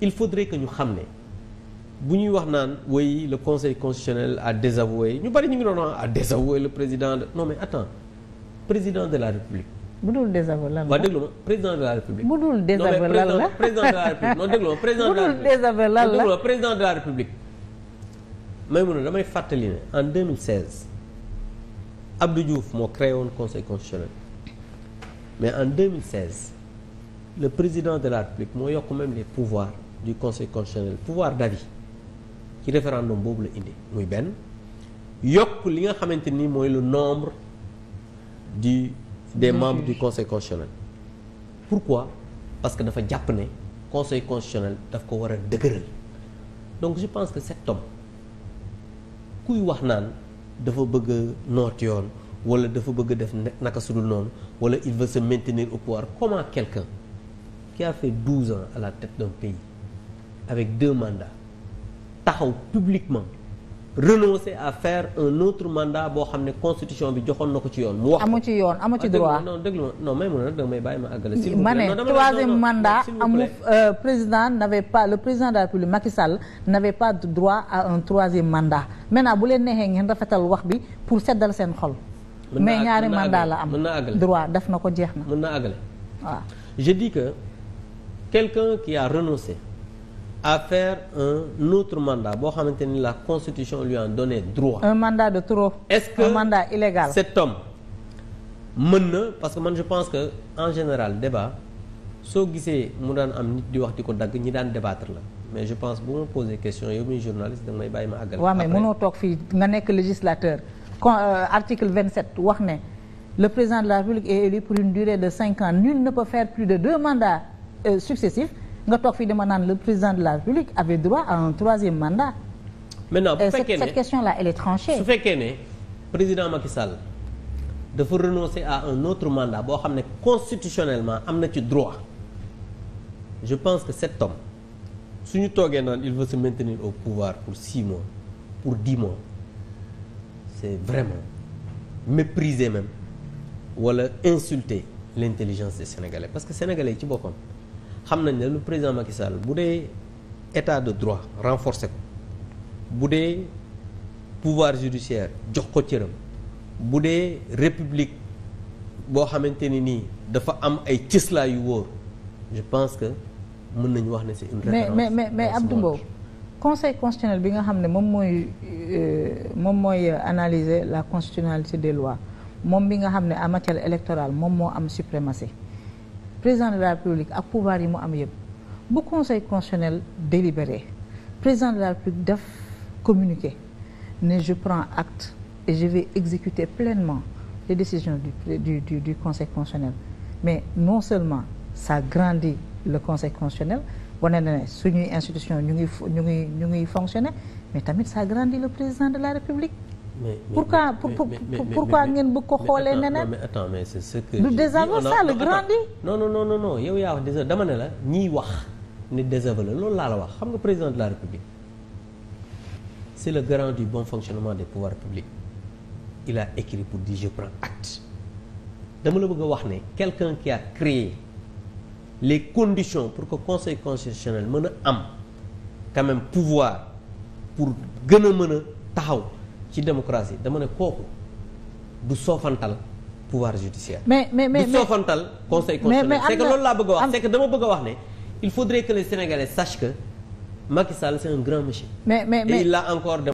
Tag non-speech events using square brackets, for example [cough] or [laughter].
il faudrait que ñu xam ne bu ñuy wax naan way le conseil constitutionnel a désavoué ñu bari ñu ngi doon wax a désavoué le président de non mais attends président de la république. bu dul désavoué ma président de la république. bu dul désavoué lan la président de la république non déglu ma [laughs] président de la. bu dul désavoué lan la président de la république. may mun a damay fàttali ne en 2016 moo créé woon conseil constitutionnel mais en 2016 le président de la république moo yokk même les pouvoirs. du conseil constitutionnel pouvoir d'avis ci référendum boobu la indi muy benn yokk li nga xamante ni mooy le nombre du des membres du conseil constitutionnel pourquoi parce que dafa jàpp ne conseil constitutionnel daf ko war a dëgëral donc je pense que cet kuy wax naan dafa bëgg a noot yoon wala dafa bëgg a def naka sudul noonu wala il veut se maintenir au pouvoir comment quelqu'un qui a fait douze ans à la tête d'un pays avec deux mandats taxaw publiquement renoncer à faire un autre mandat boo xam ne constitution bi joxoon na ko ci yoon. mu wax amu ci yoon amu ci ah, droit non déglu ma non may mun nag danga may bàyyi ma àggale. s'il vous plaît ma amu euh, président n'avait pas le président de la République Macky Sall n'avait pas droit à un troisième mandat maintenant bu leen neexee ngeen rafetal wax bi pour seddal seen xol. mais ñaari mandat la am droit def na ko jeex na. mën naa àggale je dis que quelqu'un qui a à faire un autre mandat boo xamante ni la constitution lui en donné droit. un mandat de trop. est-ce que un mandat illégal cet homme mën na parce que man je pense que en général débat soo gisee mu daan am nit di wax di ko dagg ñi daan débattre la mais je pense bu ma posé question yow muy journaliste da may bàyyi ma àggal. waaw mais mënoo toog fii nga nekk législateur con euh, article 27 wax ne le président de la République est élu pour une durée de cinq ans nul ne peut faire plus de deux euh, nga toog fii dama naan le président de la République avait droit à un troisième mandat. maintenant bu fekkee ne cette question là elle est tranchée. su fekkee ne président Macky Sall dafa renoncer à un autre mandat boo xam ne constitutionnellement am na ci droit je pense que cet homme su ñu toogee naan il veut se maintenir au pouvoir pour six mois pour dix mois c'est vraiment mépriser même wala insulter l'intelligence des Sénégalais parce que sénégalais yi ci boppam. xam nañ ne lu président Macky Sall bu dee état de droit renforcé ko bu dee pouvoir judiciaire jox ko cëram bu dee république boo xamante ni nii dafa am ay cëslaa yu wóor je pense que mën nañu wax ne c'est une référence mais mais mais Abdou Mbow conseil constitutionnel bi nga xam ne moom mooy euh, moom mooy analyser la constitutionnalité des lois moom bi nga xam ne en matière électorale moom moo am suprématie président de la république ak pouvar yi mu am yëpp bu conseil constitutionnel délibéré président de la république def communiqué ne je prends acte et je vais exécuter pleinement les décisions du du conseil constitutionnel mais non seulement ça grandit le conseil constitutionnel wane na ne suñuy institution ñu ngi ñu ngi ñu ngi fonctionner mais tamit ça grandit le président de la république pourquoi pourquoi ngeen bëgg ko xoolee neneen mais attends mais c'est ce que du désaveu ça le grandi non non non non non yow yaa wax désaveu dama ne la ñiy wax ne désaveu la loolu laa la wax xam nga président de la république c'est le garant du bon fonctionnement des pouvoirs publics il a écrit pour dire je prends acte dama la bëgg a wax ne quelqu'un qui a créé les conditions pour que conseil constitutionnel mën a am quand même pouvoir pour gën a mën a taxaw ci démocratie dama ne kooku du soofantal pouvoir judiciaire. mais mais mais du soofantal conseil constitutionnel. c'est que loolu laa bëgg wax dama bëgg wax ne. il faudrait que les Sénégalais sachent que Macky Sall c'est un grand monsieur. mais mais mais il l'a encore